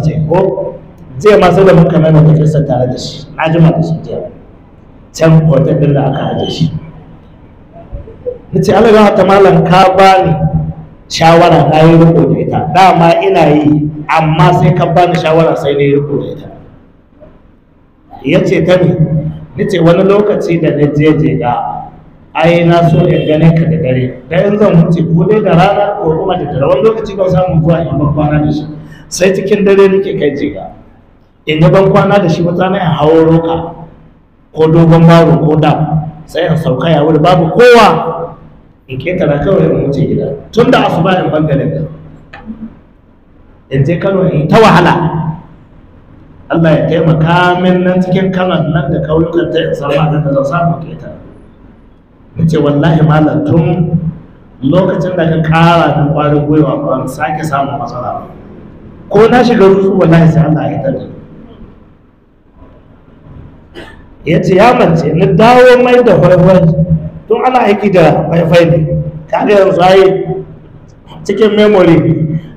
ce ko jiya ma sai muka mai mata kisan tare da shi na jima da shi jiya can hotel din da aka aje shi na ce Allah ya ta malam ka bani shawara na yi riko da ita dama ina yi amma sai ka bani shawara sai na yi riko da ita ya ce ta ne na ce wani lokaci da na je je ga ai na so in gane ka da dare da zan wuce ko dai da rana ko kuma da dare wani lokaci ban samu zuwa in ban kwana da shi sai cikin dare nake kai jiga in yi ban kwana da shi wata na hawo roka ko dogon baro ko dam sai in sauka ya wuri babu kowa in ketara kawai in wuce gida tun da asuba in bangare da in je kano in ta wahala Allah ya taimaka min nan cikin kanan nan da kauyukan ta in sarrafa da zan samu ketara na ce wallahi malam tun lokacin da ka kara min kwarin gwiwa ba sake samun matsala ba ko na shiga rutsu wallahi sai Allah ya su? ya ce ya mace na dawo mai da faifai tun ana aiki da faifai ne ga yanzu ai cikin memory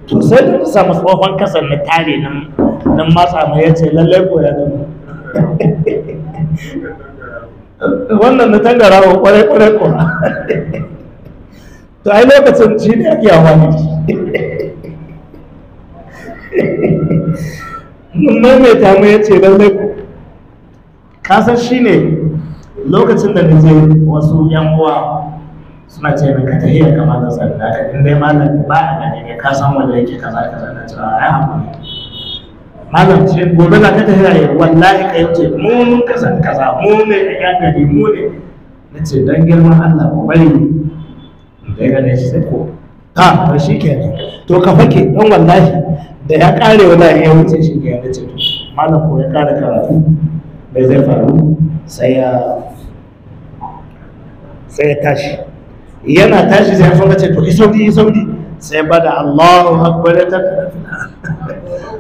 to sai da samu tsohon kasar na tare nan nan matsa mai ya ce lallai ko ya gama wannan na tangara wa kwarai kwarai kwa to ai lokacin shi ne ake hawa ne maimaita mu ya ce lallai kasar shi ne lokacin da na je wasu yan uwa suna ce min ka tahiyar kama da sanda ka in dai malam ba a gani ne ka san wanda yake kaza kaza na cewa ai ne. malam ce gobe na ka tahiyar ya wallahi ka yi ce mu mun kaza kaza mu ne a yan gari mu ne na ce don girman Allah ko bari ne da ya gane shi sai ko ha to shi kenan to ka fake don wallahi da ya kare wani ya wuce shi ke yana ceto mana ko ya kare karatu da zai faru sai ya sai ya tashi yana tashi sai ya fara ce to isaudi isaudi sai ba da allahu akwai da tafi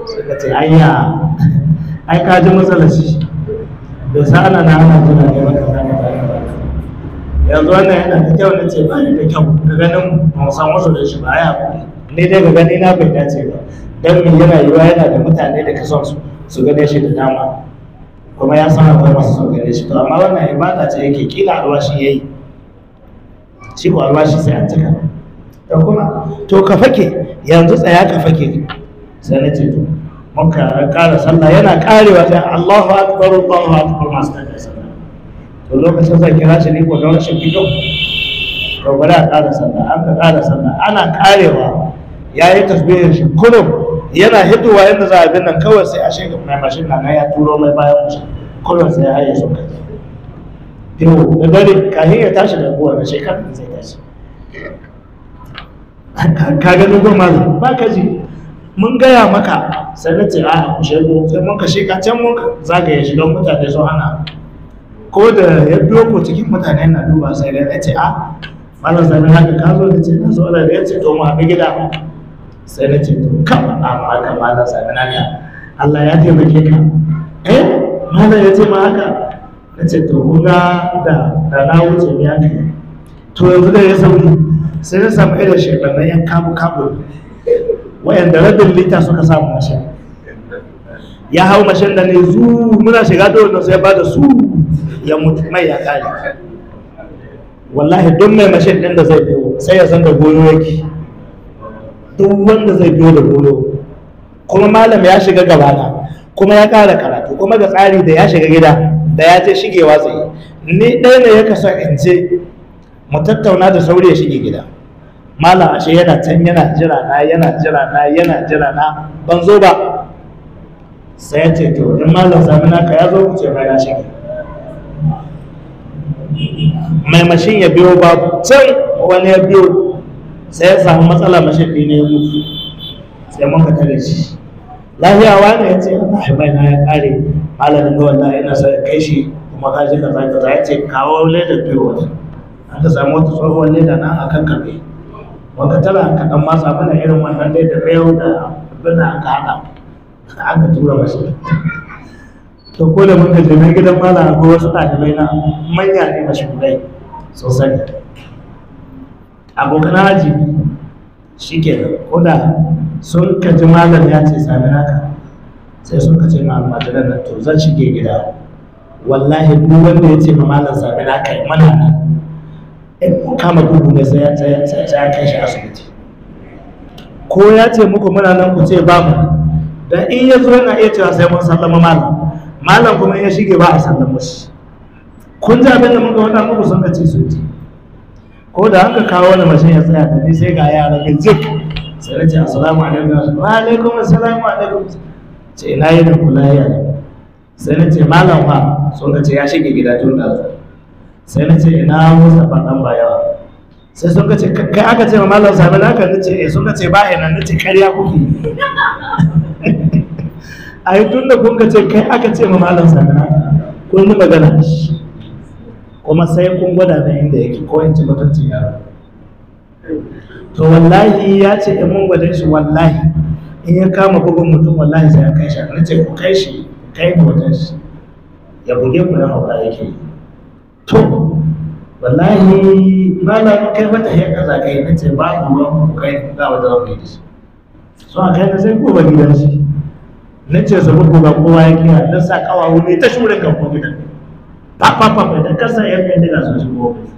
suka ce anya ai ka ji matsalar shi da sa ana na ana jira ne maka zama yanzu wannan yana da kyau na ce ba da kyau ga ganin mu san wasu da shi ba ya ne dai ga gani na bai dace ba dan mu yana yiwa yana da mutane da kason su su gane shi da dama kuma ya san akwai masu son gane shi to amma wannan ibada ce yake kila shi yayi shi ko shi sai an tuka da kuma to ka fake yanzu tsaya ka fake sai na ce to muka ƙara sallah yana karewa sai Allahu akbar Allahu akbar masu da sallah to lokacin zan kira shi ne ko da rashin fito to bari a ƙara sallah an ka ƙara sallah ana karewa ya yi tasbihin shi kullum yana hitowa yadda za a bin nan kawai sai a shiga mai mashin na ya turo mai bayan mashin kawai sai ya su kai yau da dare kahin ya tashi da buwa na shekar da zai tashi ka ganin gwa mazi ba ka ji mun gaya maka sannan ce a shego sai mun ka sheka can mun zagaye shi don mutane sun hana ko da ya biyo ko cikin mutane na duba sai da ya ce a malam zanen haka ka zo da ce na zo da ya ce to mu haɗu gida sai na ce to kama amma ba malam sami naka Allah ya taimake ka eh malam ya ce ma haka na ce to kun da da na wuce ne aka yi to yanzu da ya samu sai na samu irin shekarun yan kabu kabu wayanda rabin lita suka samu mashin ya hau mashin da ne zu muna shiga dole na sai ba da su ya mutu mai ya kare wallahi don mai mashin din da zai biyo sai ya zanga da goyo yake duk wanda zai biyo da goro kuma malam ya shiga gabana kuma ya ƙara karatu kuma ga tsari da ya shiga gida da ya je shigewa tsaye ni ɗaya ne ya kasa in ce mu tattauna da sauri ya shige gida malam ashe yana can yana jira na yana jira na yana jira na ban zo ba sai ya ce to in malam sami naka ya zo wuce ba ya shige mai mashin ya biyo ba can wani ya biyo sai ya samu matsala mashaƙi ne ya mutu sai mun muka tare shi lafiya wani ya ce bai na ya kare malamin ga na ina sa kai shi kuma ka ji kaza kaza ya ce kawo ledar biyu wata an ka samu wata tsohuwar leda na a kan karbe wanka tara ka ɗan matsa mana irin wannan ledar yau da abin da aka haɗa da aka tura mashi to ko da ka je gidan malam akwai wasu ɗalibai na manya ne mashahudai sosai abokan haji shi ke ko da sun kaji malam ya ce sami haka sai sun ce ma almajiran nan to zan shige gida wallahi duk wanda ya ce ma malam sami haka ya mana nan in kama duhu ne sai ya kai shi asibiti ko ya ce muku muna nan ku ce ba mu da in ya zo yana iya cewa sai mun sallama malam malam kuma ya shige ba a sallama shi kun ji abin da muka wata muku sun ce su ji ko da aka kawo wani mashin ya tsaya da ni sai ga yara ga jik sai na ce assalamu alaikum wa alaikum assalamu alaikum ce ina yi da kula sai na ce malam fa sun ka ce ya shige gida tun da sai na ce ina fadan ba bayawa sai sun ka ce kai aka ce malam sami na kan nace eh sun ka ce ba ina nace karya kuke ai tun da kun ka ce kai aka ce malam sami na kun yi magana kuma sai kun gwada na inda yake ko yanci mutuncin yaro to wallahi ya ce in mun gwada shi wallahi in ya kama bugun mutum wallahi sai ya kai shi an ce ku kai shi kai mu wajen shi ya buge mu na haura yake to wallahi malam kai wata ya kaza kai na ce mu ba ku kai za wata zama da shi so a kai na sai ko ba gidan shi na ce su ba kowa ya kira na sa kawawu ne ta shure kan ko fafafafa da kasa yan bindiga sun shigo ofis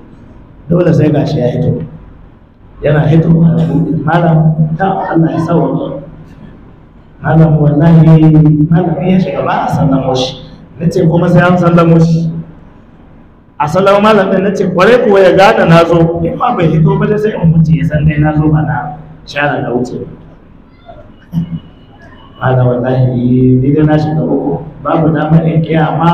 dole sai gashi ya hito yana hito a malam ta Allah ya sauwa malam wallahi malam ya shiga ba a sallamo shi nace kuma sai an sallamo shi a sallama malam din nace kware kuwa ya gada na zo in ma bai hito ba sai in mutu ya san dai na zo ba na shara na wuce malam wallahi ni dai na shiga uku babu damar in kiyama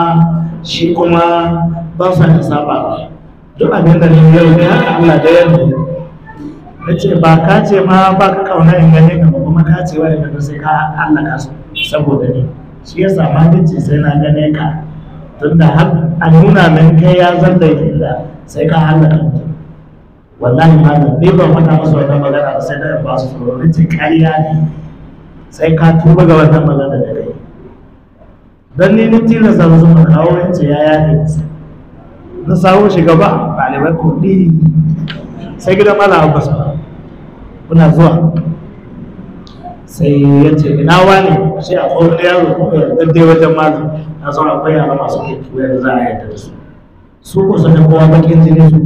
shi kuma ba sa ta saba duk abin da ne yau ne haka Allah da yadda ne ce ba ka ce ma ba ka kauna in gane ka kuma ka ce wa daga sai ka Allah ka saboda ni shi ya sa ma ce sai na gane ka da har a nuna min kai ya zanda da sai ka Allah ka mutum wallahi ma da ni ban faɗa masa wannan magana sai da ba su tsoro ne ce kariya ne sai ka tuba ga wannan magana da kai don ni na tilasta musu mana auren ce ya ya ne na samu shugaba ko ɗi sai gidan mala abbas kuna zuwa sai ya ce ina wani shi a tsohon yaro kuma ya dai wajen mazu na sauran akwai yara masu kai da za a yadda da su su ko sun kowa bakin jini su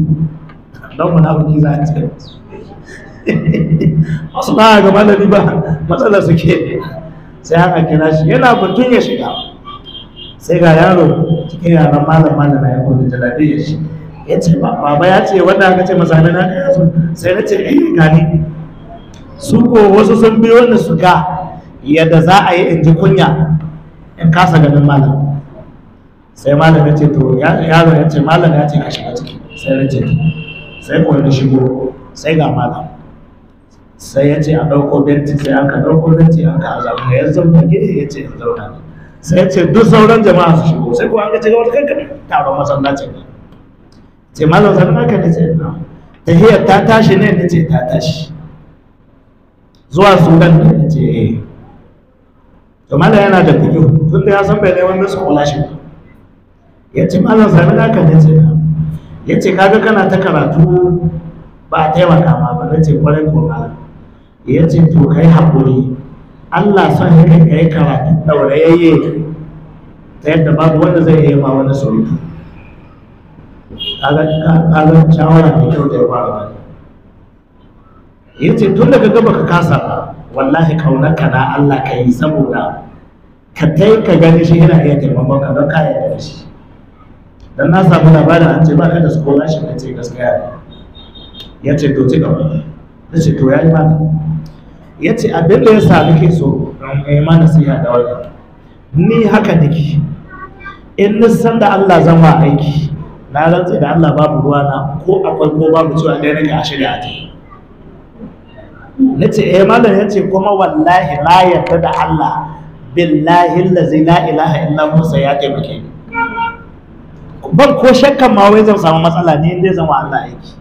don mu na buki za a cikin su wasu ba a da ni ba matsala suke sai aka kira shi yana batun ya shiga sai ga yaro cikin yaran malam malam ya kodi ya shi ya ce baba ya ce wanda aka ce masa na ya zo sai na ce eh gani su ko wasu sun biyo ni su ga yadda za a yi in ji kunya in kasa ganin malam sai malam ya ce to yaro ya ce malam ya ce ka shiga ciki sai na ce sai ko na shigo sai ga malam sai ya ce a ɗauko benci sai aka ɗauko benci aka azabu Yanzu, ba gehe ya ce in zauna ne sai ce duk sauran jama'a su shigo sai kuwa an ga cigaba da kankan taron masallacin ce malam sanin haka ne ce ta tahiyar ta tashi ne na ce ta tashi zuwa sudan ne na ce eh to malam yana da kuɗi tun da ya san bai neman masa kulashi ba ya ce malam sanin haka ne ce ya ce kaga kana ta karatu ba a taimaka ma ba na ce kwarai ko ba ya ce to kai haƙuri Allah son ya kai karatu ɗaurayayye ta yadda babu wanda zai iya ma wani surutu kaga shawara mai kyau da ya fara ba yace tun daga gaba ka kasa wallahi ka na Allah ka yi saboda ka tai ka gani shi yana iya taimakon ka don yi da shi dan na samu labarin an ce ba ka da scholarship ka ce gaskiya ya ce to ci gaba ta ce to ya yi ba ya ce abin da ya sami nake so in ma siya da wani ni haka niki in nisan da Allah zan wa aiki na rantse da Allah babu ruwa na ko akwai ko babu cewa ɗaya nake a shirya ta na ce eh malam ya ce kuma wallahi na yarda da Allah billahi lazi la ilaha illa hu sai ya taimake ni ban ko shakkan ma wai zan samu matsala ne in zan wa Allah aiki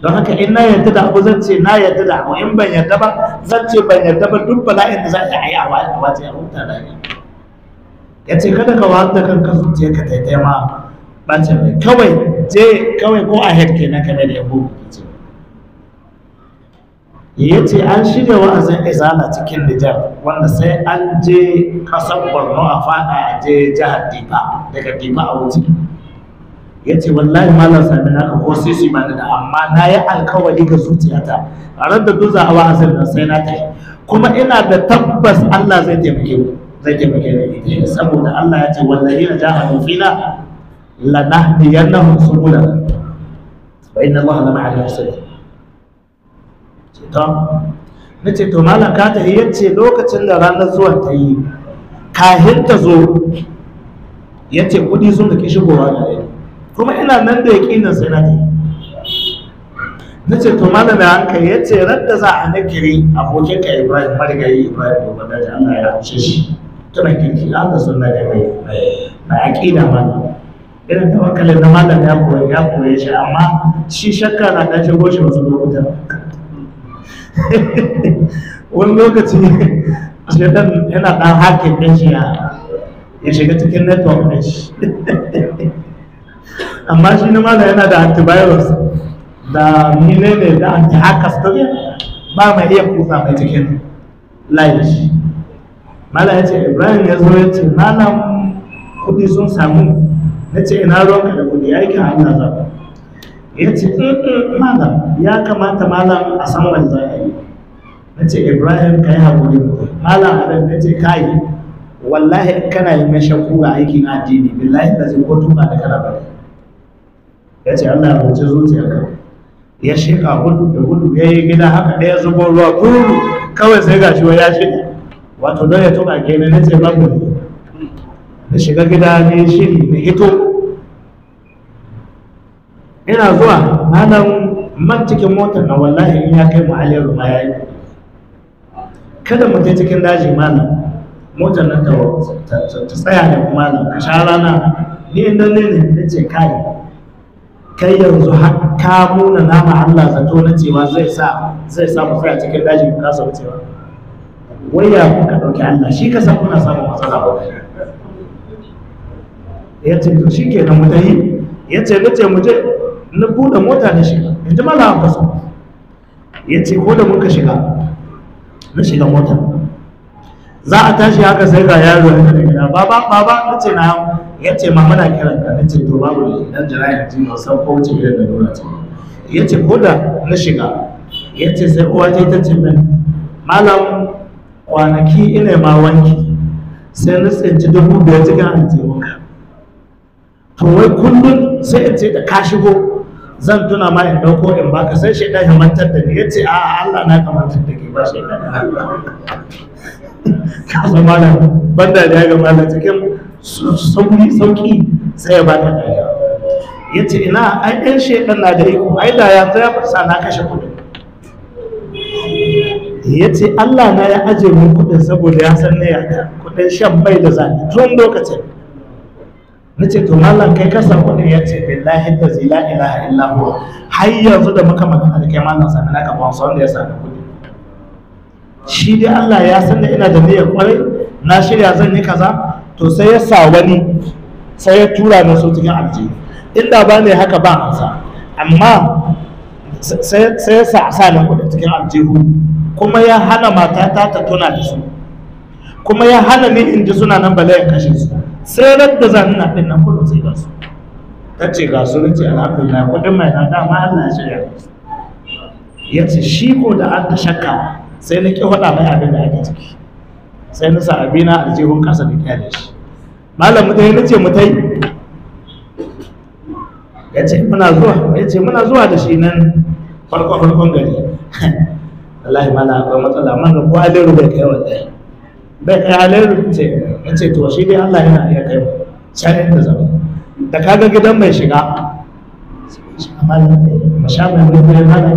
don haka in na yarda da abu zan ce na yarda da abu in ban yarda ba zan ce ban yarda ba duk bala'in da za a yi a wace a huta da ni ya ce kada ka wahal da kanka ce ka taitai ma bacin rai kawai je kawai ko a hekke na kame da yabo ce ya ce an shirya wa'azin izana cikin Nijar wanda sai an je kasar Borno a fada a je jihar Difa daga Difa a wuce ya ce wallahi malam sami na ko sai su ba da amma na yi alkawari ga zuciyata a ran da duza hawa asir sai na tashi kuma ina da tabbas Allah zai taimake mu zai taimake ni saboda Allah ya ce wallahi na jaha fina lanahdiyannahum subula wa inna Allah la ma'al muhsinin to na ce to malam ka ta yace lokacin da ranar zuwan ta yi kahin ta zo yace kudi sun da kishi gowa da kuma ina nan da yaƙinin sai na ce na ce to malama an hankali ya ce radda za a nakiri abokinka ibrahim marigayi ibrahim gobe da ta allah ya hamshe shi tunan kirki an da sunna ne mai mai aƙida ma irin tawakkalin na malama ya koyi ya koyi shi amma shi shakka na da shi shi wasu lokutan wani lokaci shaitan yana ɗan hakin ɗin shi ya shiga cikin network ɗin shi amma shi na mana yana da antivirus da menene da anti ta to ba mai iya kusa mai cikin layin shi mala ya ce ibrahim ya zo ya ce malam kudi sun samu na ce ina ruwanka da kudi aikin hanyar za ya ce malam ya kamata malam a san wanda za a yi na ce ibrahim ka yi haƙuri malam adam na ce ka yi wallahi kana yi mai shakku ga aikin addini billahi da zai ko tuka da kana bari ya ce Allah ya zuciya ka. ya sheka gudu da gudu ya yi gida haka ɗaya zubo ruwa kuru kawai sai gashi wa ya shiga wato don ya tuka ke na ce babu ne da shiga gida ne shi da hito ina zuwa malam man cikin motar na wallahi in ya kai mu aliyar ma ya yi kada mu je cikin daji malam motar nan ta tsaya da malam ka sha rana ni inda ne ne ce kai kai yanzu har ka muna nama Allah zato na cewa zai sa zai sa mu tsaya cikin daji mu kasa wucewa wai ya kuka dauki Allah shi ka san kuna samun matsala ba ya ce to shi kenan mu tahi ya ce ce mu je na bude mota na shiga in ji malamin kasu ya ce ko da muka shiga na shiga mota za a tashi haka sai ga yaro ya tafi gida baba baba na ce na ya ce ma muna kiran ka na ce to babu ne dan jira yanzu na san ko wace da dora ce ya ce ko da na shiga ya ce sai uwa ce ta ce min malam kwanaki ina ma wanki sai na tsinci dubu biyar cikin aljihunka to wai kullum sai in ce da ka shigo zan tuna ma in dauko in baka sai shaidan ya mantar da ni ya ce a'a Allah na mantar da ke ba shaidan ka zama da banda da ya gaba da cikin sauri sauki sai ya bata daya ya ce ina an yan shekar na da iko ai da yanzu ya fasa na kashe kuɗi ya ce allah na ya aje mu kuɗin saboda ya san ya ta kudin shan mai da zani tun lokacin na ce to mallam kai kasa kudin ya ce billahi da zila ila illahu har yanzu da muka magana da kai mallam sami na kafa wasu wanda ya sami kuɗi shi dai allah ya san da ina da niyyar kwarai na shirya zan yi kaza to sai ya sa wani sai ya tura na su cikin aljihu inda ba ne haka ba amsa amma sai ya sa sa na kudin cikin aljihu kuma ya hana matata ta tuna da su kuma ya hana ni in ji suna nan bala ya kashe su sai rar da zan na ɗin nan kudin sai ga su ta ce ga su ce alhamdulillah kudin mai na dama Allah ya shirya ya ce shi ko da an ta shakka sai na ƙi faɗa mai abin da ake ciki sai na sa abina aljihun ƙasa da kyale shi malam mu tai nace mu tai yace muna zuwa yace muna zuwa da shi nan farko farkon gari wallahi mana akwai matsala mana ko aliru bai kai yi bai kai aliru ce nace to shi dai Allah yana iya kai mu sai da zama da kaga gidan mai shiga mashamin rufin malam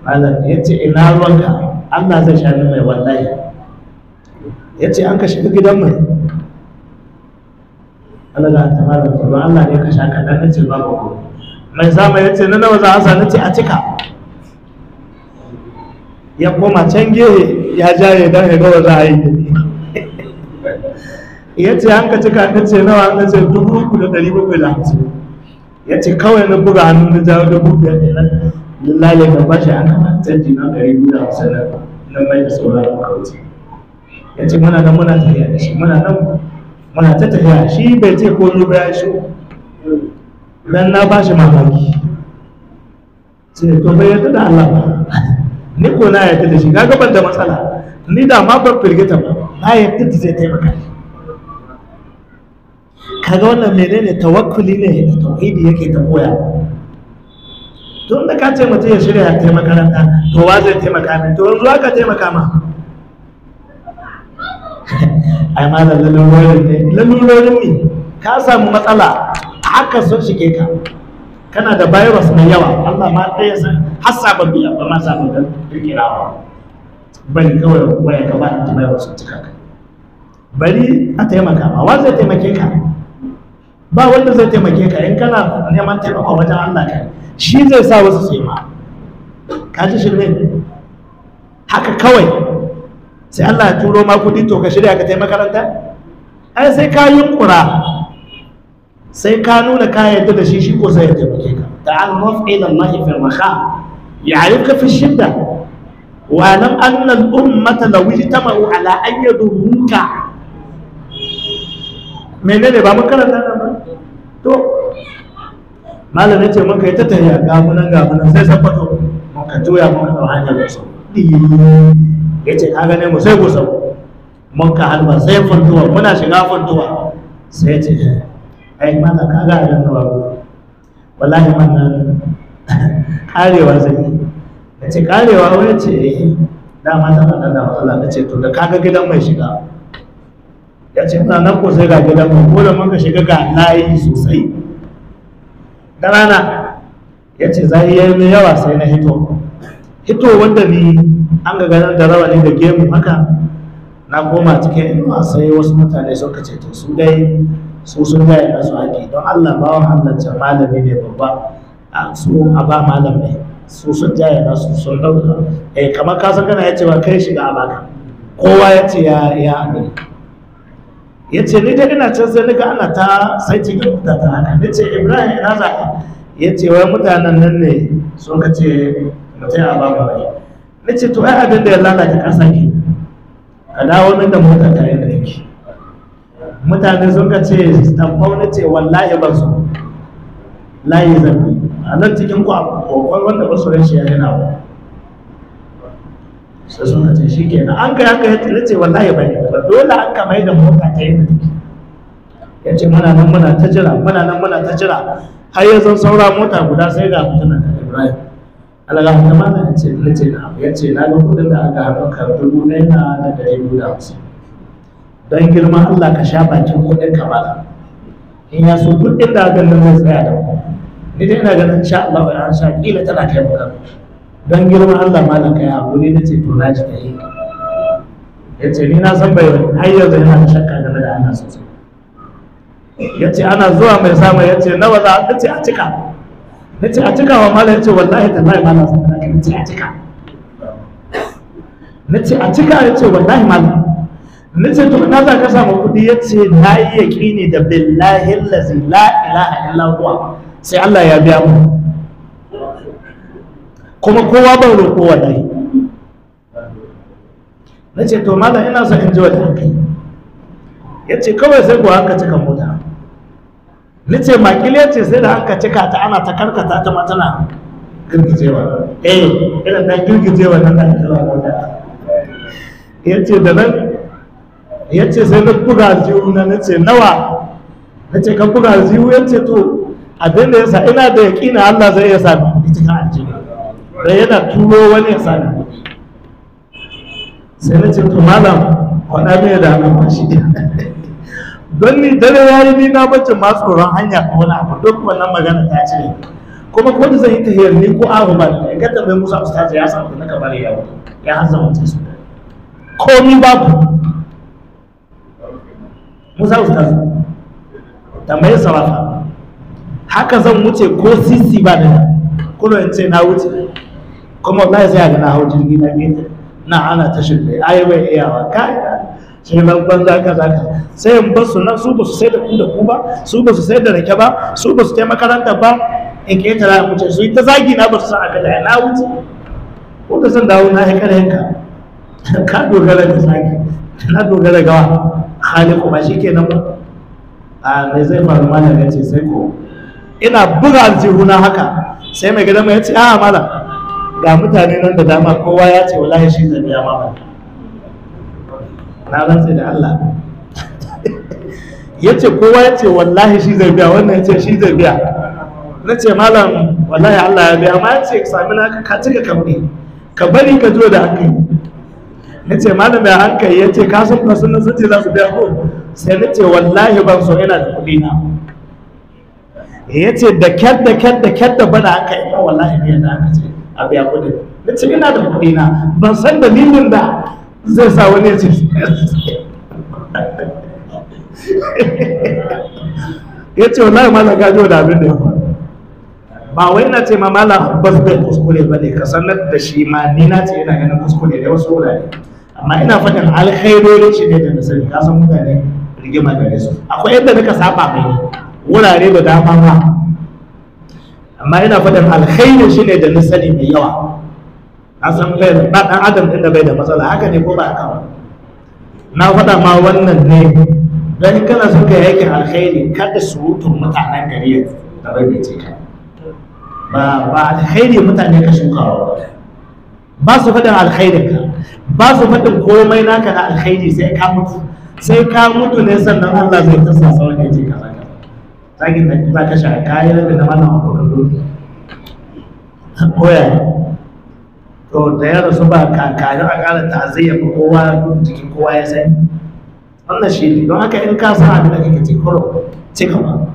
malam ya ce ina ruwanka allah zai shani mai wallahi ya ce an ka shiga gidan mai alaga ta mara ta ba Allah ne ka sha ka dan nace babu ko mai sama yace na nawa za a sa nace a cika ya koma can gehe ya jaye dan ya ga wa za a ya ce an ka cika ka ce nawa na ce dubu uku da ɗari bakwai da hamsin ya ce kawai na buga hannu na jawo dubu biyar da nan lalle ka bashi an kama canji na ɗari biyu da hamsin na mai da sauran kawai ya muna nan muna tafiya da shi muna nan muna ta tafiya shi bai ce ko yi bayan shi dan na bashi shi mamaki sai to bai yarda da Allah ba ni ko na yarda da shi kaga ban da matsala ni da ma ban firgita ba na yarda da zai taimaka kaga wannan menene tawakkuli ne da tauhidi yake ta koya tun da ka ce mutum ya shirya ya taimaka to wa zai taimaka min to yanzu aka taimaka ma ai ma lalurorin ne lalurorin ne ka samu matsala haka sun shige ka kana da virus mai yawa Allah ma ɗaya san har sabon biya ba ma sabon da kirkirawa bari kawai waya ka ba ta virus sun cika ka bari a taimaka ma wa zai taimake ka ba wanda zai taimake ka in kana neman taimako wajen Allah ka shi zai sa wasu su yi ma ka ji shirme haka kawai sai Allah ya turo ma kudi to ka shirya ka tai makaranta ai sai ka yunkura sai ka nuna ka yadda da shi shi ko sai ya taimake ka ta'al ila Allah fi al-makha ayyuka fi shidda wa lam anna al-ummata law ijtama'u ala an yadumuka menene ba makaranta nan ba to malam ya ta maka ga tattaya ga gamunan sai sabato maka juya maka hanyar wasu ya ce ka gane mu sai ku sau? mun ka halba sai fantuwa muna shiga fantuwa sai ya ce ai mana ka ga ran nawa wallahi man nan karewa zai ya ce karewa wani ce eh dama ta faɗa da matsala ta ce to da ga gidan mai shiga ya ce muna nan ko sai ga gidan mu ko da mun ka shiga ga layi sosai da rana ya ce zai yi yawa sai na hito ito wanda ni an ga ganar da ne da gemu haka na koma cikin inuwa sai wasu mutane sun kace to su dai su sun gaya na su haƙi don allah wa hannancin malami ne babba a su a ba malamai su sun jaya na su sun ɗauka eh kamar ka san kana ya ce ba kai shiga a baka kowa ya ce ya ya haɗu ya ce ni dai ina can sai nika ana ta sai cikin mutata haka ni ce ibrahim ina za ya ce wai mutanen nan ne sun ka ce Mutum ta yaya babu bane na ce to ai abin da ya lalata ƙasa ke ka dawo nan da mota ta yadda take mutane sun ka ce tamfau na ce wallahi ban su layi zambi a nan cikin ku akwai wanda ba su rashi yana ba sai sun ce shi ke kenan an kai haka ya ce wallahi bane ba dole an ka mai da mota ta yadda take ya ce muna nan muna ta jira muna nan muna ta jira har ya zan saura mota guda sai ga mutumin ibrahim alaga ta mana ce na ce na ya ce na ga kudin da aka haɗa ka dubu ɗaya na da ɗari biyu da hamsin don girman Allah ka sha bakin kudin ka mana in ya so duk inda aka nan zai tsaya da ku ni dai ina ganin sha Allah ba an sha kila tana kai mu don girman Allah ma na kai abu ne na ce to na ji yi ya ce ni na san bai har yanzu yana da shakka game da ana sosai ya ce ana zuwa mai samun ya ce nawa za a ce a cika na ce a cika wa malam ce wallahi tallahi malam sun kana na ce a cika na ce a cika ya ce wallahi malam na ce to na za ka samu kuɗi ya ce na yi yaƙini da billahi lazi la ilaha illa huwa sai Allah ya biya mu kuma kowa ban roƙo wallahi na ce to malam ina son in ji wani hankali ya ce kawai sai ku haka cika mota ni ce makile ce sai da hanka cika ta ana ta karkata ta matana girgijewa eh irin da girgijewa na da ya ce da nan ya ce sai na buga jiwu na na ce nawa na ce ka buga jiwu ya ce to abin da ya sa ina da yaƙina Allah zai iya sami kuɗi cikin aljihu da yana turo wani ya sami sai na ce to malam faɗa mai da shi don ni dare ya yi ni na bacci ma tsoron hanya a wani abu duk wannan magana ta ce kuma ko da zan yi tahiyar ni ko abu ba da gata mai musa ustaji ya samu abin da ka bari yawo ya hanzar mutum su Ko ba babu musa da mai sarrafa haka zan wuce ko sisi ba da kuma in ce na wuce kuma wallahi sai ga na hau jirgi na gefe na ana tashin bai ayi iyawa kai sunan banza kaza kaza sai in ba su nan su ba su sai da inda ku ba su ba su sai da rake ba su ba su kai makaranta ba in kai tara ku ce su ta zagi na ba su san aka da ya wuce ko da san dawo na haƙar yanka ka dogara da zagi na dogara gawa hali ba shi kenan ba a mai zai faru mana ga ce sai ko ina buga aljihuna haka sai mai gidan mai ya ce a ah, mala ga mutane nan da dama kowa ya ce wallahi shi zai biya mamaki na rantse da Allah ya ce kowa ya ce wallahi shi zai biya wannan ya ce shi zai biya na ce malam wallahi Allah ya biya ma ya ce sami na ka cika kamni ka bari ka zo da hankali na ce malam ya hankali ya ce ka sun kasu na zuci za su biya ko sai na ce wallahi ban so yana da kuɗi na ya ce da kyar da kyar da kyar da bada hankali ya wallahi biya da hankali a biya kuɗi na ce ina da kuɗi na ban san dalilin da zai sa wani ce ya ce wallahi malam gajo da abin da ya faru ba wai na ce ma ba su bai kuskure ba ne ka sanar da shi ma ni na ce yana ganin kuskure da wasu wurare amma ina fatan alkhairorin shi ne da na sani ka san mutane rigima gare su akwai yadda nika saba mai wurare da dama ba amma ina fatan alkhairin shi ne da na sani mai yawa a san bai ba ɗan adam ɗin da bai da matsala haka ne ko ba haka ba na faɗa ma wannan ne don kana so ka yake alkhairi kada surutun mutanen gari ya bai ka ba ba alkhairi mutane ka shuka ba ba su faɗin alkhairin ka ba su faɗin komai naka na alkhairi sai ka mutu sai ka mutu ne sannan Allah zai ta sa sauran ya ce ka zaka zagin da za ka sha kayan da na malam abokan dole to da ya rasu ba kakanin a ƙara ta zai yi kowa jikin kowa ya sani wannan shi ne don haka in ka sa abin da kake cikin kuro cika ba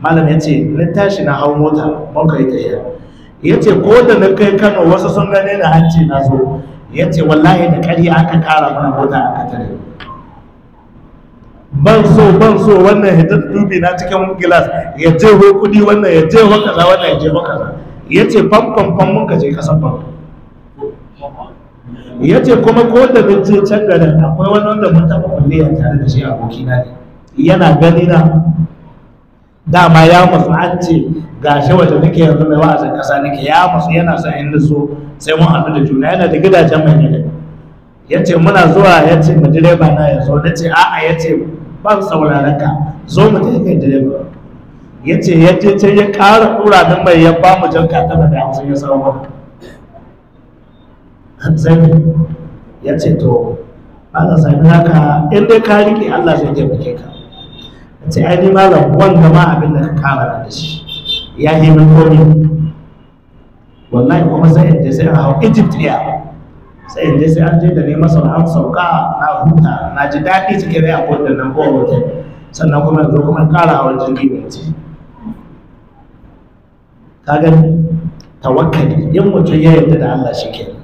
malam ya ce na tashi na hau mota mun kai ta iya ya ce ko da na kai kano wasu sun gane da hanci na so ya ce wallahi da ƙarya aka ƙara mana mota a katare ban so ban so wannan ya dubi na cikin gilas ya je ho kudi wannan ya je ho kaza wannan ya je ho kaza ya ce famfamfam mun ka je kasan famfam ya ce kuma ko da bince can garin akwai wani wanda mun taɓa kulle tare da shi abokina ne yana gani na dama ya masu an ce ga shi wata nake yanzu mai wa'azin ƙasa nake ya masu yana son in so sai mun haɗu da juna yana da gidajen mai ne ya ce muna zuwa ya ce ma direba na ya zo na ce a'a ya ce ban sauraron ka zo mu tafi kai direba ya ce ya ce can ya ƙara ɗura min mai ya ba mu jan kakana da hamsin ya samu zai ya ce to ana sami haka in dai ka riƙe Allah zai taimake ka a ce ai ni malam wanda ma abin da ka kara da shi ya yi min komi wallahi kuma sai in je sai in hau Egypt ya sai in je sai an je da ne masa an sauka na huta na ji daɗi cike rai a da nan ko hotel sannan kuma yanzu kuma kara hawan jirgi da mutum ka gani tawakkali yin mutum ya yarda da Allah shi kenan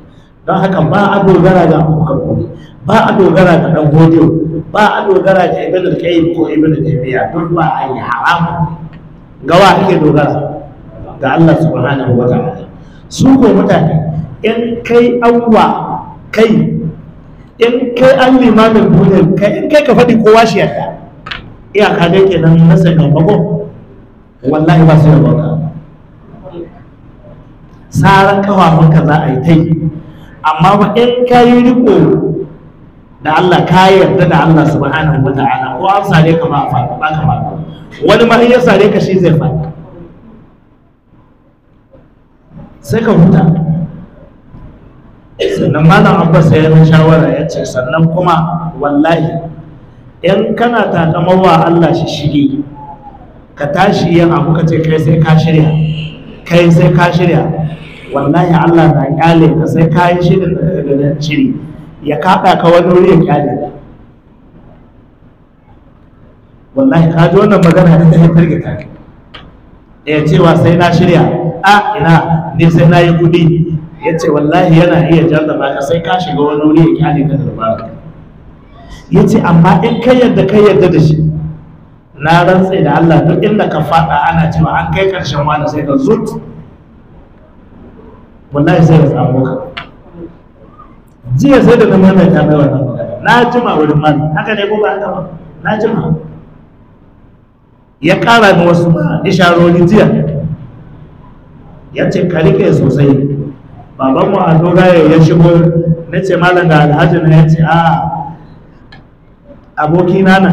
don haka ba a dogara ga abokan gumi ba a dogara ga dan godiyo ba a dogara ga ibn al-qayyim ko ibn taymiya duk ba a yi haram ga wa ake dogara ga Allah subhanahu wa ta'ala su ko mutane in kai awwa kai in kai an limamin duniyar kai in kai ka faɗi kowa shi yadda iyaka dai kenan na bako wallahi ba su da bauta saran kafafunka za a yi ta yi amma ba in ka yi riko da Allah ka yarda da Allah subhanahu wa ta'ala ko an sare ka ba faɗa ba ka ba wani ma in ya sare ka shi zai faɗa sai ka huta sannan malam sai ya shawara ya ce sannan kuma wallahi in kana wa Allah shi shige ka tashi yin abu ka ce kai sai ka shirya kai sai ka shirya wallahi Allah na kyale ka sai ka yi shi da nan ciri ya kaɗa ka wani wuri ya kyale ka wallahi ka ji wannan magana ta ta targe Da ya cewa sai na shirya a ina ne sai na yi kudi ya ce wallahi yana iya jarraba ka sai ka shiga wani wuri ya kyale ka da dabara ya ce amma in ka yadda ka yadda da shi na rantse da Allah duk inda ka faɗa ana cewa an kai ƙarshen wani sai ka zut wallahi sai ya samu ka jiya sai da na ta mai wannan magana na jima wurin man haka ne ko ba haka ba na jima ya ƙara ni wasu ma isharori jiya ya ce ka riƙe sosai baban mu a dogaye ya shigo na ce malam da alhaji na ya ce a abokina na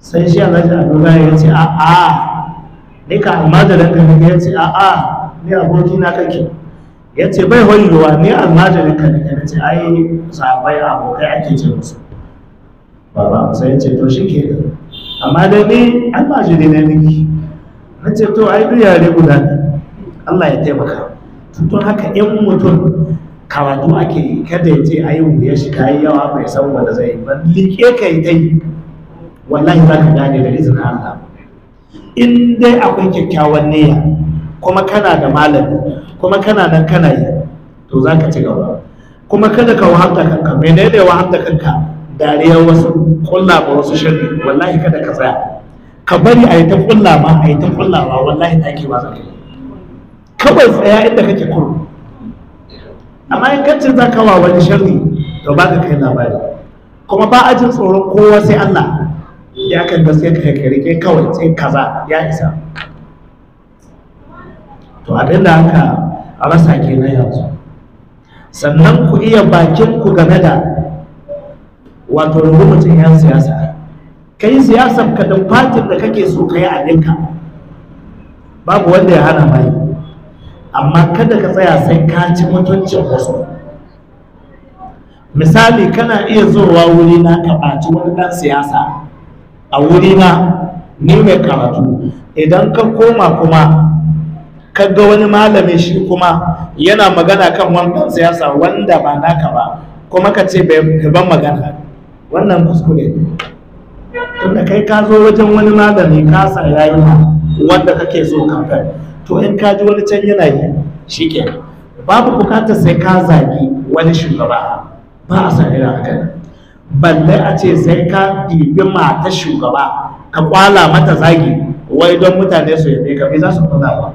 sai shi alhaji a dogaye ya ce a a ni ka almajirin ka ya ce a a ni aboki na kake ya ce bai hoyuwa ni almajirin ka ne na ce ai sahabai abokai ake ce musu ba sai ya ce to shi ke amma dai ni almajiri ne niki na ce to ai duk yare guda ne Allah ya taimaka tun haka 'yan mutum karatu ake yi kada ya ce ai ya shiga yi yawa bai san wanda zai yi ba liƙe ka yi ta yi wallahi za ka gane da izinin Allah in dai akwai kyakkyawan niyya kuma kana da malami kuma kana nan kana yi to za ka ci gaba kuma kada ka wahanta kanka Mai daidai wahanta kanka dariyar wasu kulla ba wasu shirin wallahi kada ka tsaya ka bari a yi ta kulla ma a yi ta kulla ma wallahi taki ba za ka yi kawai tsaya inda kake kuru amma in kace za ka wa wani shirin to ba ka kai labari kuma ba a jin tsoron kowa sai Allah ya kan gaske ka rike kawai sai kaza ya isa to abin da aka rasa kenan yanzu sannan ku iya bakin ku game da wato rubutun 'yan siyasa kai siyasar ka da fatin da kake so ka yi abinka babu wanda ya hana mai amma kada ka tsaya sai ka ci mutuncin wasu misali kana iya zowa wuri na ka baci wani ɗan siyasa a wuri na ni mai karatu idan ka koma kuma kaga wani malami shi kuma yana magana kan wannan siyasa wanda ba naka ba kuma ka ce bai ban magana wannan kuskure ne tunda kai ka zo wajen wani malami ka san yayi wanda kake so kamfani to in ka ji wani can yana yi ke, babu bukatar sai ka zagi wani shugaba ba a san irin haka balle a ce sai ka ɗibi mata shugaba ka kwala mata zagi wai don mutane su yabe ka bai za su faɗa ba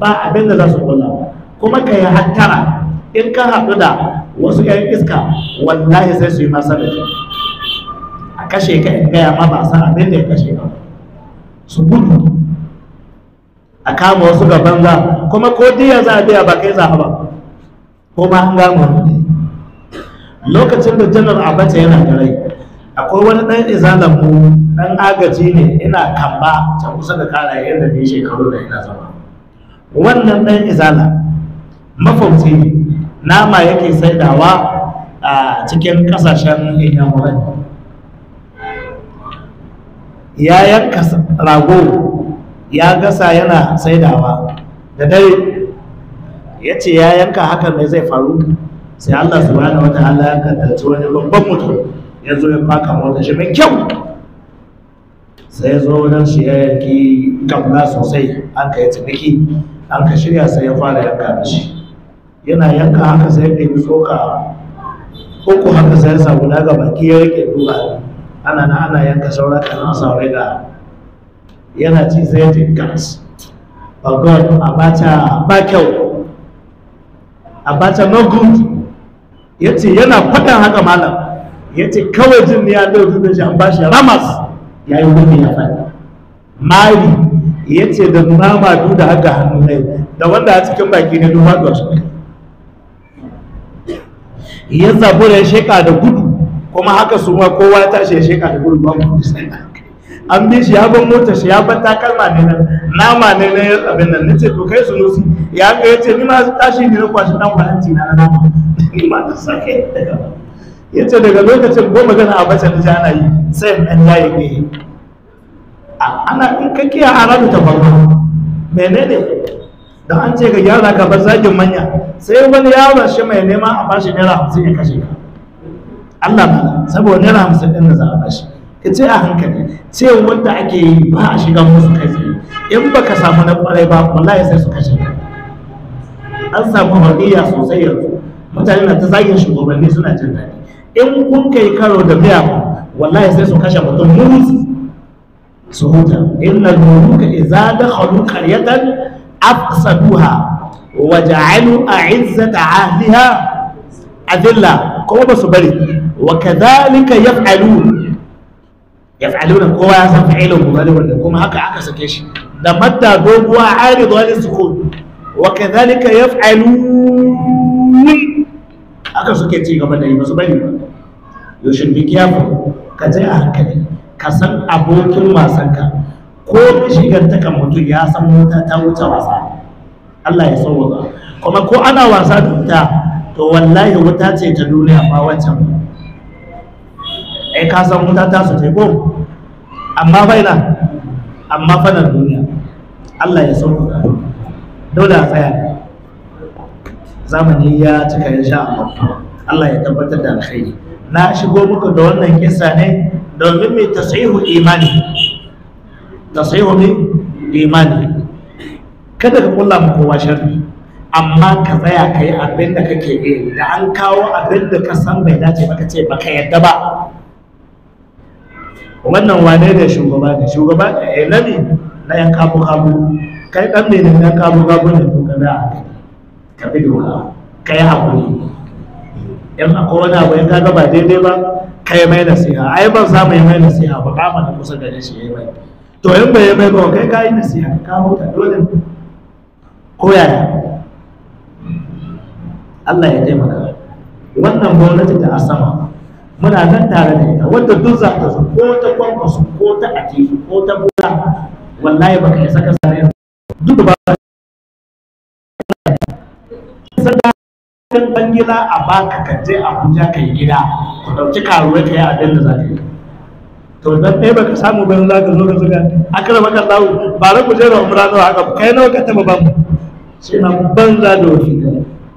ba abin da za su kula kuma ka yi hattara in ka haɗu da wasu 'yan iska wallahi sai su yi masa da a kashe ka in gaya ma ba sa abin da ya kashe ka su gudu a kama wasu gaban za, kuma ko diya za a biya ba kai za a ba ko ma an gama lokacin da janar abace yana da rai akwai wani ɗan izalan mu ɗan agaji ne ina kamba can kusa da kara yadda ne shekaru da ina zama wannan ɗan izala mafauci nama yake saidawa a cikin ƙasashen inyamurai ya yanka rago ya gasa yana saidawa da dai ya ce ya yanka haka ne zai faru sai allah bane wata ta'ala ya kantarci wani babban mutum ya zo ya faka mota shi mai kyau sai ya zo wajen shi ya yanki gamla sosai an ka yi ciniki aka shirya sai ya fara yanka shi yana yanka haka sai ya ɗebi tsoka uku haka sai ya samu daga baki ya rike duba ana na ana yanka saura kanan saurai da yana ci sai ya gas ba oh god abacha ba kyau Abata no good ya ce yana fadan haka malam ya ce kawai jin ya ɗauki da shi an bashi ramas ya yi wani ya fadi mali ya ce da mamadu da haka hannu ne da wanda a cikin baki ne duma haɗuwa su ya zabu da ya sheƙa da gudu kuma haka su ma kowa ta shi ya sheƙa da gudu ba mu an bi shi ya ban mota shi ya ban takalma ne nan nama ne na yin abin nan ce to kai su nosi, ya ga ya ce ni ma tashi ne na kwashi dan wahanci na nama nima ma ta sake ya ce daga lokacin goma gana a bacin jana yi sai an yayi ne ana in ka kiya haram ta farko menene da an ce ka gyara ka bar zagin manya sai wani yaron shi mai nema a bashi naira hamsin ya kashe ka Allah ba saboda naira hamsin ɗin da za a bashi ka ce a hankali ce wanda ake yi ba a shiga musu kai tsaye in ba ka samu na kwarai ba wallahi sai su kashe ka an samu horiya sosai yanzu mutane na ta zagin shugabanni suna jin daɗi in kun kai karo da biya wallahi sai su kashe mutum musu su huta innal muluka idza dakhalu qaryatan afsaduha wa ja'alu a'izzata ahliha adilla kuma ba su bari wa kadhalika yaf'alun yaf'aluna kowa ya san fa'ilun mudari wanda kuma haka aka sake shi da madda doguwa aridu wal sukun wa kadhalika yaf'alun aka suke ci gaba da yi ba su bari ba you should be careful ka ji a hankali ka san abokin wasanka ko kan mutum ya san mota ta wuce wasa Allah ya sauwaka kuma ko ana wasa da wuta to wallahi wuta ce ta duniya ba wancan ai ka san wuta ta su taiko amma faina amma fanar duniya Allah ya sauwaka dole a tsaya zamani ya cika insha sha Allah ya tabbatar da alkhairi na shigo muku da wannan kisa ne domin mai tasihu imani tasihu ne imani kada ka kulla muku kowa amma ka tsaya ka yi abin da kake yi da an kawo abin da ka san bai dace ba ka ce ba ka yadda ba wannan wane ne shugaba ne shugaba ne eh na ne na yan kabu kabu kai dan ne na yan kabu kabu ne to ka da ka bi doka kai hakuri in akwai wani abu in ka ga ba daidai ba kai mai nasiha ai ban samu yi mai nasiha ba kama da kusa gare shi yayi mai to in bai mai ba kai ka yi nasiha ka huta dole ko yaya Allah ya taimaka wannan gwamnati ta asama muna nan tare da ita wanda duk za ta zo ko ta kwankwasu ko ta ake ko ta bula wallahi baka isa saka sarari duk ba dan gida a baka ka je abuja ka yi gida ku ɗauki karuwa ka yi abin da za ka yi to dan dai baka samu ban za ka zo ka zuga akala baka lawo ba ra ku je da umra nawa haka kai nawa ka taba ban shi na banza da wani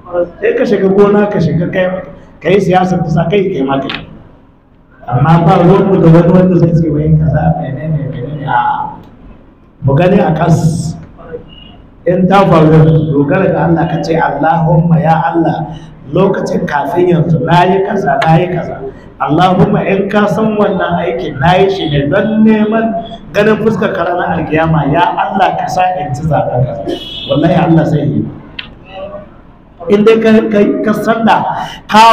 kai sai ka shiga gona ka shiga kai kai siyasar ta sa kai kai ma kai amma ba ruwan mu da wani wanda zai ce wai kaza menene menene a mu gani a kas in ta faru dogara ga Allah ka ce Allahumma ya Allah lokacin kafin yanzu na yi kaza na yi kaza Allahumma in ka san wannan aikin na yi shi ne don neman ganin fuskar karana ranar alkiyama ya Allah ka sa in ci zaɓen Wannan wallahi Allah sai yi in dai ka san da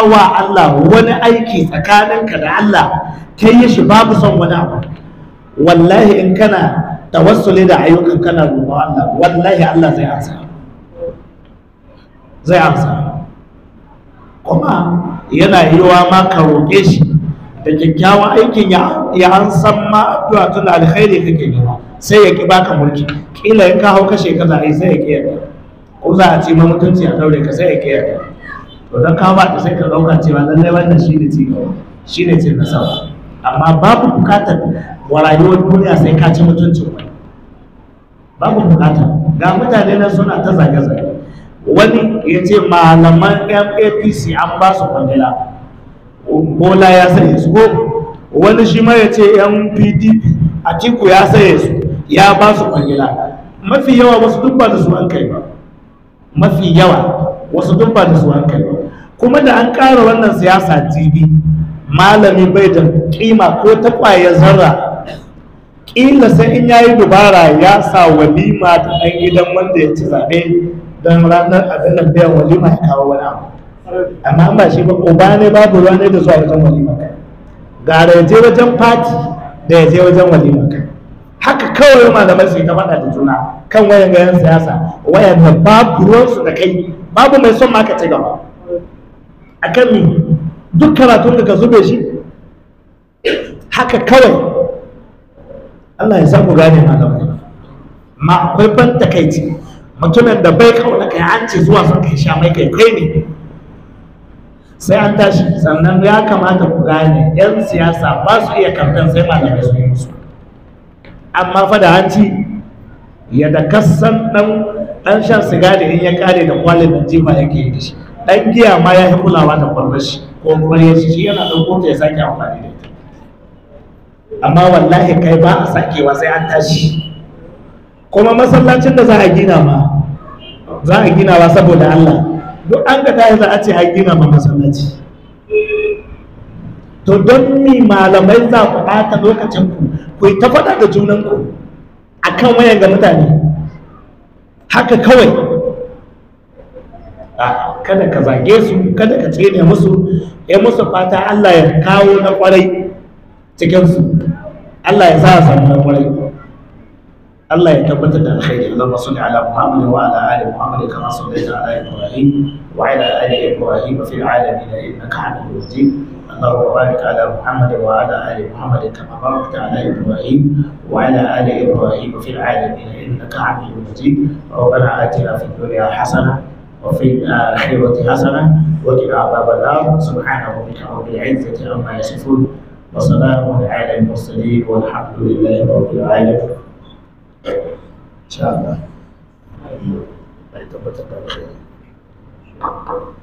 wa Allah wani aiki tsakaninka da Allah ta yi shi babu son wani abu wallahi in kana tawassuli da ayyukan kana roƙon Allah wallahi Allah zai amsa zai amsa kuma yana yiwa ma ka roƙe shi da kyakkyawan aikin ya ya an san ma addu'a tun alkhairi kake yi sai ya ki baka mulki kila in ka hau kashe ka za a yi sai ya ki yarda ko za a ci ma mutunci a daure ka sai ya ki yarda to don ka ba sai ka ɗauka cewa lallai wannan shine ci gaba shine ci nasara amma babu bukatar wa rayuwar duniya sai ka ci mutuncin wani babu bukata ga mutane nan suna ta zage-zage wani ya ce malaman apc an ba su kwangila bola ya saye su ko wani shi ma ya ce yan pdp a tiku ya saye su ya ba su kwangila mafi yawa wasu duk ba da su an kai ba mafi yawa wasu duk ba da su an kai ba kuma da an ƙara wannan siyasa tv malami bai da kima ko ta kwaye zarra ƙila sai in ya yi dubara ya sa walima ta ɗan gidan wanda ya ci zaɓe don ranar abin da biyan walima ya kawo wani abu amma ba shi ba uba ne babu ruwa ne da zuwa wajen walima kai gara ya je wajen fati da ya je wajen walima kai haka kawai malamai su yi ta faɗa da juna kan wayan gayan siyasa wayan da babu ruwansu da kai babu mai son ma ka ci gaba akan duk karatun da ka zube shi haka kawai Allah ya samu gane malamai ma akwai ban takaici mutumin da bai kauna kai an ce zuwa sun kai sha mai kai kai ne sai an tashi sannan ya kamata ku gane yan siyasa ba su iya kamfen sai malamai su yi musu amma fa da hanci ya da kassan dan dan shan sigari in ya kare da kwalin jima yake yi da shi dan giya ma ya yi kulawa da kwalbar ko ƙwaryar shi shi yana ɗauko ta ya sake amfani da ita amma wallahi kai ba a sakewa sai an tashi kuma masallacin da za a gina ma za a gina wa saboda Allah duk an ga tashi za a ce a gina ma masallaci to don mi malamai za ku ɓata lokacin ku ku yi ta faɗa da junanku akan wayan ga mutane haka kawai kada ka zage su kada ka tsine musu ya musu fata Allah ya kawo na kwarai cikin su Allah ya sa samu na kwarai Allah ya tabbatar da alkhairi Allah masu da ala Muhammad wa ala ali Muhammad kama sallaita ala Ibrahim wa ala ali Ibrahim fil alamin innaka Hamidum Majid اللهم بارك على محمد وعلى ال محمد كما باركت على ابراهيم وعلى ال ابراهيم في العالمين انك حميد مجيد ربنا اتنا في الدنيا حسنه وفي الآخرة حسنة وقنا عذاب النار سبحانه وبحمده رب العزة عما يصفون وسلام على المرسلين والحمد لله رب العالمين. إن شاء الله.